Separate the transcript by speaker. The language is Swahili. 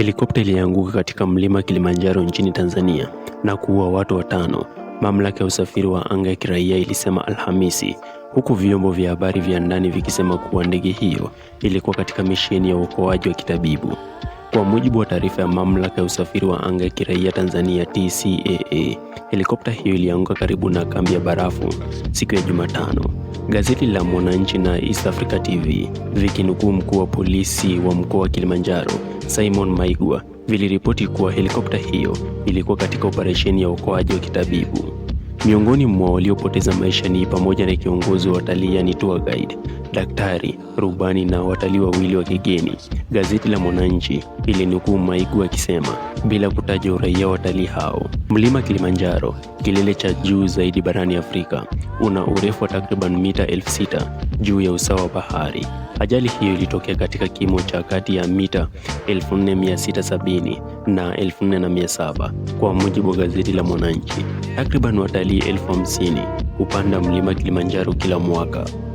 Speaker 1: Helikopta ilianguka katika mlima Kilimanjaro nchini Tanzania na kuua watu watano, mamlaka ya usafiri wa anga ya kiraia ilisema Alhamisi, huku vyombo vya habari vya ndani vikisema kuwa ndege hiyo ilikuwa katika misheni ya uokoaji wa kitabibu. Kwa mujibu wa taarifa ya mamlaka ya usafiri wa anga ya kiraia Tanzania TCAA, helikopta hiyo ilianguka karibu na kambi ya barafu siku ya Jumatano Gazeti la Mwananchi na East Africa TV vikinukuu mkuu wa polisi wa mkoa wa Kilimanjaro Simon Maigwa viliripoti kuwa helikopta hiyo ilikuwa katika operesheni ya uokoaji wa kitabibu. Miongoni mwa waliopoteza maisha ni pamoja na kiongozi wa watalii yani tour guide daktari, rubani na watalii wawili wa kigeni. Gazeti la Mwananchi ilinukuu Maigu akisema bila kutaja uraia watalii hao, mlima Kilimanjaro, kilele cha juu zaidi barani Afrika, una urefu wa takriban mita elfu sita juu ya usawa wa bahari. Ajali hiyo ilitokea katika kimo cha kati ya mita 4670 na 4700 kwa mujibu wa gazeti la Mwananchi. Takriban watalii elfu hamsini hupanda mlima Kilimanjaro kila mwaka.